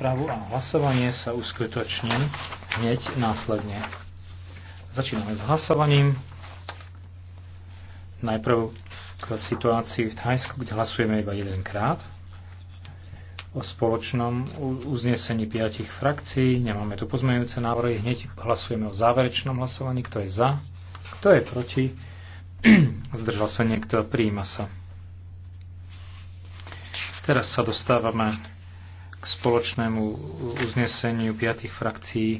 rozpravu a hlasovanie sa uskutoční hneď následne. Začíname s hlasovaním. Najprv k situácii v Thajsku, kde hlasujeme iba jedenkrát. O spoločnom uznesení piatich frakcií. Nemáme tu pozmeňujúce návrhy. Hneď hlasujeme o záverečnom hlasovaní. Kto je za? Kto je proti? Zdržal sa niekto? Príjima sa. Teraz sa dostávame k spoločnému uzneseniu piatých frakcií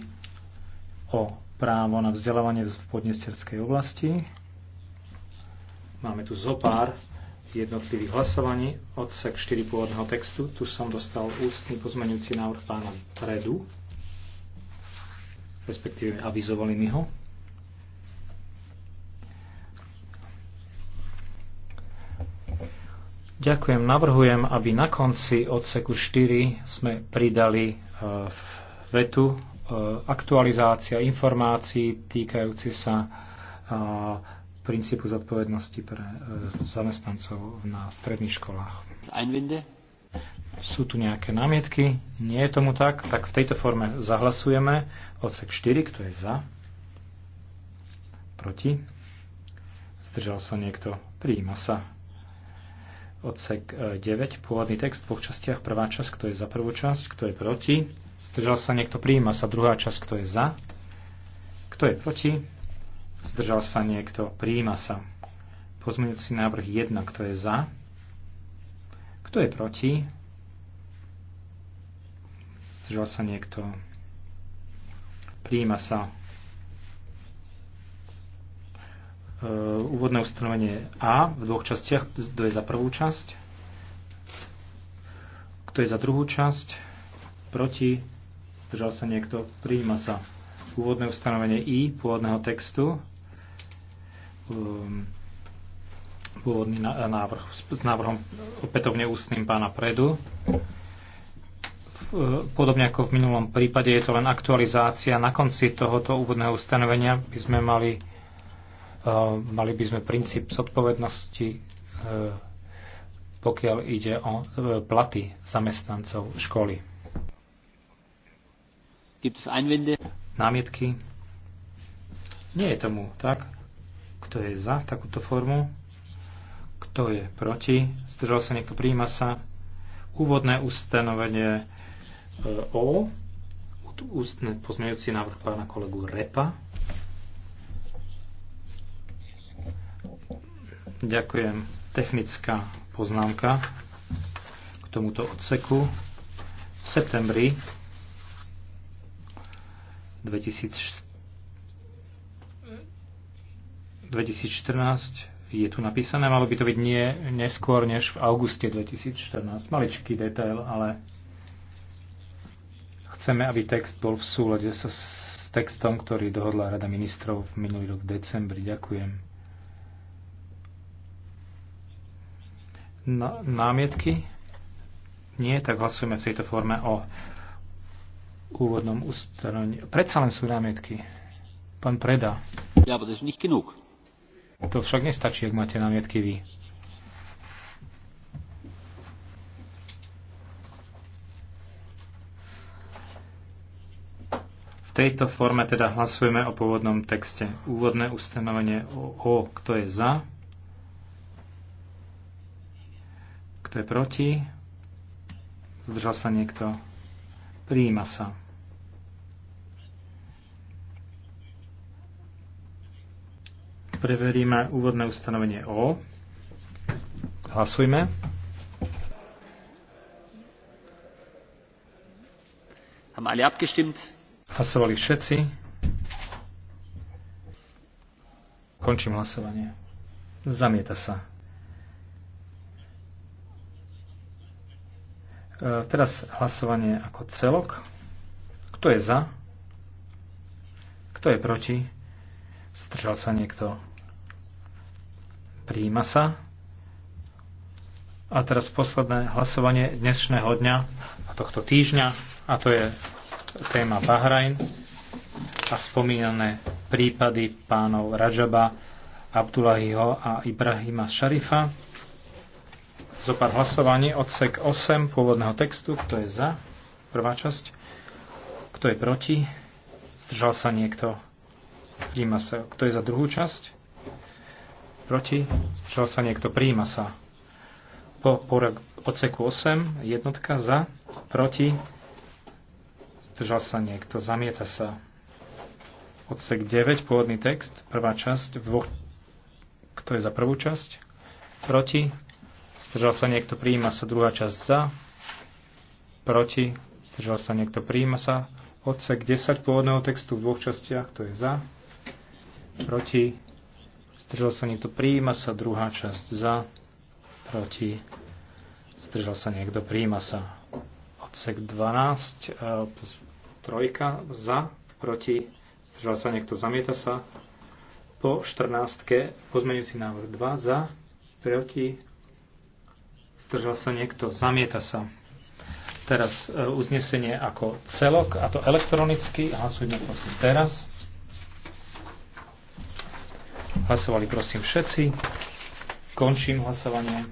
o právo na vzdelávanie v podnesterskej oblasti. Máme tu zopár jednotlivých hlasovaní. Odsek 4 pôvodného textu. Tu som dostal ústny pozmenujúci návrh pána Predu, respektíve avizovali mi ho. Ďakujem. Navrhujem, aby na konci odseku 4 sme pridali e, vetu e, aktualizácia informácií týkajúci sa e, princípu zodpovednosti pre zamestnancov na stredných školách. Sú tu nejaké námietky? Nie je tomu tak? Tak v tejto forme zahlasujeme. Odsek 4, kto je za? Proti? Zdržal sa niekto? Prijíma sa odsek 9, e, pôvodný text v dvoch častiach. Prvá časť, kto je za prvú časť, kto je proti. Zdržal sa niekto, prijíma sa druhá časť, kto je za. Kto je proti? Zdržal sa niekto, prijíma sa. Pozmeňujúci návrh 1, kto je za. Kto je proti? Zdržal sa niekto. Prijíma sa Eh, úvodné ustanovenie A v dvoch častiach. Kto je za prvú časť? Kto je za druhú časť? Proti? Zdržal sa niekto? Prijíma sa. Úvodné ustanovenie I pôvodného textu. Um, pôvodný návrh s návrhom opätovne ústnym pána Predu. Podobne ako v minulom prípade je to len aktualizácia. Na konci tohoto úvodného ustanovenia by sme mali Eh, mali by sme princíp zodpovednosti, eh, pokiaľ ide o eh, platy zamestnancov školy. Námietky? Nie je tomu tak. Kto je za takúto formu? Kto je proti? Zdržal sa niekto? Príjima sa? Úvodné ustanovenie O. Ústne pozmeňujúci návrh pána kolegu Repa. Ďakujem. Technická poznámka k tomuto odseku. V septembri 2014 je tu napísané, malo by to byť nie neskôr než v auguste 2014. Maličký detail, ale chceme, aby text bol v súlade so, s textom, ktorý dohodla Rada ministrov v minulý rok v decembri. Ďakujem. Na, námietky? Nie, tak hlasujeme v tejto forme o úvodnom ustanovení. Predsa len sú námietky. Pán Preda. Ja, aber To však nestačí, ak máte námietky vy. V tejto forme teda hlasujeme o pôvodnom texte. Úvodné ustanovenie o, o kto je za, Kto je proti? Zdržal sa niekto? Prijíma sa. Preveríme úvodné ustanovenie O. Hlasujme. Haben alle abgestimmt? Hlasovali všetci. Končím hlasovanie. Zamieta sa. E, teraz hlasovanie ako celok. Kto je za? Kto je proti? Stržal sa niekto? Príjima sa. A teraz posledné hlasovanie dnešného dňa a tohto týždňa, a to je téma Bahrajn a spomínané prípady pánov Rajaba, Abdullahiho a Ibrahima Šarifa zo pár hlasovaní. Odsek 8 pôvodného textu. Kto je za? Prvá časť. Kto je proti? Zdržal sa niekto? Príjma sa. Kto je za druhú časť? Proti? Zdržal sa niekto? Príjma sa. Po, porok, odseku 8 jednotka za? Proti? Zdržal sa niekto? Zamieta sa. Odsek 9 pôvodný text. Prvá časť dvoch kto je za prvú časť? Proti? Zdržal sa niekto, prijíma sa druhá časť za. Proti. Zdržal sa niekto, prijíma sa. Odsek 10 pôvodného textu v dvoch častiach, to je za. Proti. Zdržal sa niekto, prijíma sa druhá časť za. Proti. Zdržal sa niekto, prijíma sa. Odsek 12, e, trojka za. Proti. Zdržal sa niekto, zamieta sa. Po 14. pozmeňujúci návrh 2 za. Proti Zdržal sa niekto? Zamieta sa. Teraz e, uznesenie ako celok, a to elektronicky. Hlasujme prosím teraz. Hlasovali prosím všetci. Končím hlasovanie.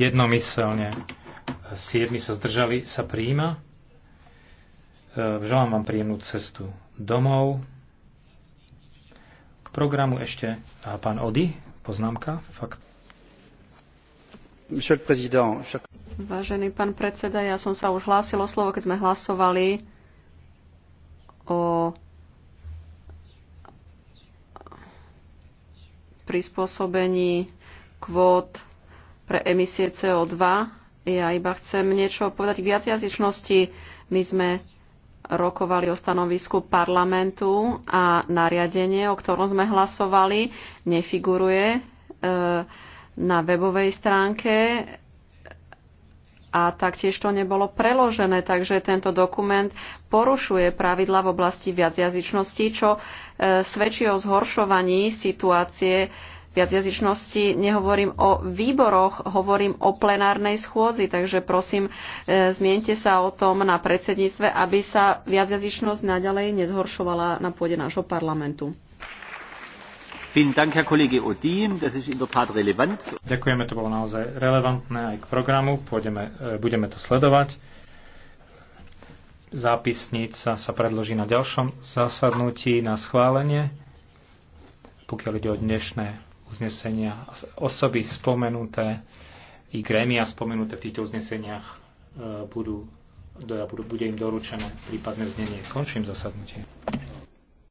Jednomyselne. Siedmi sa zdržali, sa príjima. E, želám vám príjemnú cestu domov. K programu ešte pán Ody, poznámka, fakt. Vážený pán predseda, ja som sa už hlásil o slovo, keď sme hlasovali o prispôsobení kvót pre emisie CO2. Ja iba chcem niečo povedať k viacjazyčnosti. My sme rokovali o stanovisku parlamentu a nariadenie, o ktorom sme hlasovali, nefiguruje e, na webovej stránke a taktiež to nebolo preložené, takže tento dokument porušuje pravidla v oblasti viacjazyčnosti, čo e, svedčí o zhoršovaní situácie viacjazyčnosti. Nehovorím o výboroch, hovorím o plenárnej schôdzi, takže prosím, e, zmiente sa o tom na predsedníctve, aby sa viacjazyčnosť naďalej nezhoršovala na pôde nášho parlamentu. Ďakujeme, to bolo naozaj relevantné aj k programu. Pôjdeme, e, budeme to sledovať. Zápisnica sa predloží na ďalšom zasadnutí na schválenie. Pokiaľ ide o dnešné uznesenia, osoby spomenuté i grémia spomenuté v týchto uzneseniach e, budú, budú, bude im doručené prípadné znenie. Končím zasadnutie.